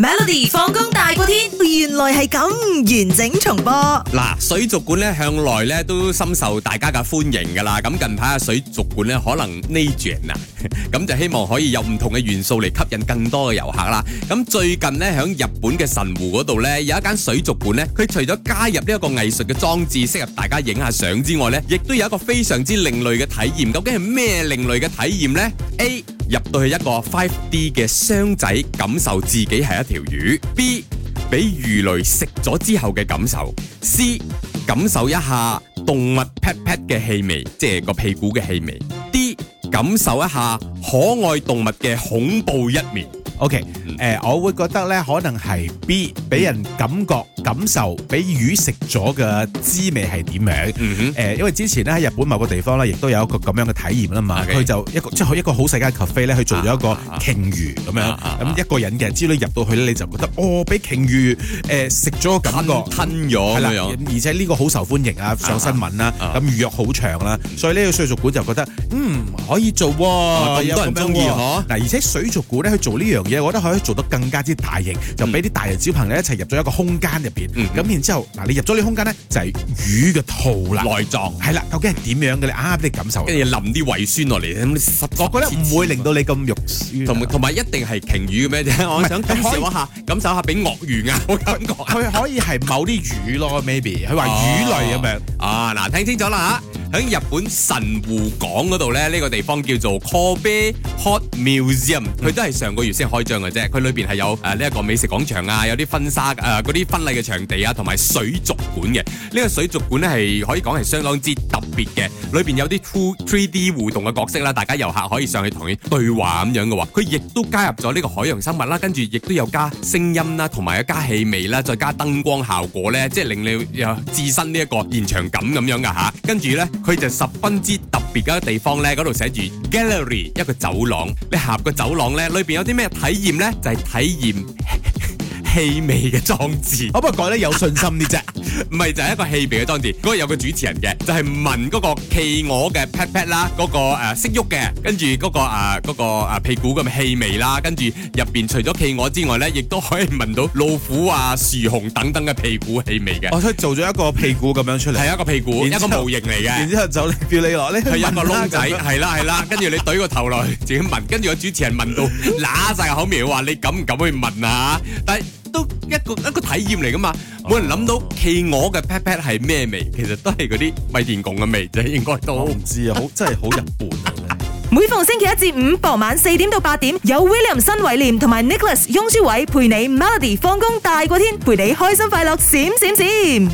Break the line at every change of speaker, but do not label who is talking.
Melody 放工大過天，原來係咁完整重播。
嗱，水族館咧向來咧都深受大家嘅歡迎㗎喇。咁近排啊，水族館咧可能呢樣啊，咁就希望可以有唔同嘅元素嚟吸引更多嘅遊客啦。咁、嗯、最近呢，響日本嘅神戶嗰度呢，有一間水族館咧，佢除咗加入呢一個藝術嘅裝置，適合大家影下相之外呢，亦都有一個非常之另類嘅體驗。究竟係咩另類嘅體驗呢？a 入到去一個 five D 嘅箱仔，感受自己係一條魚。B 俾魚類食咗之後嘅感受。C 感受一下動物屁屁嘅氣味，即係個屁股嘅氣味。D 感受一下可愛動物嘅恐怖一面。O.K.，誒，我會覺得
咧，可能係 B 俾人感覺感受，俾魚食咗嘅滋味係點樣？誒，因為之前呢，喺日本某個地方呢，亦都有一個咁樣嘅體驗啦嘛。佢就一個即係一個好世界咖啡呢，去做咗一個鯨魚咁樣，咁一個人嘅，之類入到去呢，你就覺得哦，俾鯨魚誒食咗感覺吞咗，係啦，而且呢個好受歡迎啊，上新聞啦，咁預約好長啦，所以呢個水族館就覺得嗯可以做喎，咁多人中意嗱，而且水族館呢去做呢樣嘢我覺得可以做得更加之大型，就俾啲大人小朋友一齊入咗一個空間入邊。咁、嗯、哼然之後，嗱你入咗呢空間咧，就係、是、魚
嘅肚啦，內臟。係啦，究竟係點樣嘅咧？啱啱啲感受。跟住淋啲胃酸落嚟，咁我覺得唔會令到你咁肉酸、啊。同埋一定係鯨魚嘅咩？啫？我想感受一下，感受下俾鱷魚咬個感覺。佢可以係某啲魚咯，maybe 佢話魚類咁樣、啊。啊嗱、啊，聽清楚啦嚇！啊喺日本神戶港嗰度咧，呢個地方叫做 Kobe Port Museum，佢都係上個月先開張嘅啫。佢裏邊係有誒呢一個美食廣場啊，有啲婚紗誒嗰啲婚禮嘅場地啊，同埋水族館嘅。呢個水族館咧係可以講係相當之特別嘅，裏邊有啲 two three D 互動嘅角色啦，大家遊客可以上去同佢對話咁樣嘅話，佢亦都加入咗呢個海洋生物啦，跟住亦都有加聲音啦，同埋有加氣味啦，再加燈光效果咧，即係令你有自身呢一個現場感咁樣噶吓。跟住咧。佢就十分之特別嘅地方呢，嗰度寫住 Gallery 一個走廊，你入個走廊呢，裏邊有啲咩體驗呢？就係、是、體驗。氣味嘅裝置，我
覺得有信心
啲啫，唔係就係一個氣味嘅裝置。嗰個有個主持人嘅，就係聞嗰個企鵝嘅 pat pat 啦，嗰個誒識喐嘅，跟住嗰個誒嗰個誒屁股嘅氣味啦，跟住入邊除咗企鵝之外咧，亦都可以聞到老虎啊、樹熊等等嘅屁股氣味嘅。我都做咗一個屁股咁樣出嚟，係一個屁股，一個模型嚟嘅。然
之後就叫你落咧，係一個窿仔，係啦係啦，
跟住你懟個頭落去自己聞，跟住個主持人聞到嗱晒口苗話，你敢唔敢去聞啊？但都一個一個體驗嚟㗎嘛，冇人諗到企鵝嘅 pat pat 係咩味？其實都係嗰啲米田共嘅味，就應該都唔知啊，好真係好日本。啊
啊啊、每逢星期一至五傍晚四點到八點，有 William 新偉廉同埋 Nicholas 雍舒偉陪你 Melody 放工大過天，陪你開心快樂閃閃閃。閃閃閃閃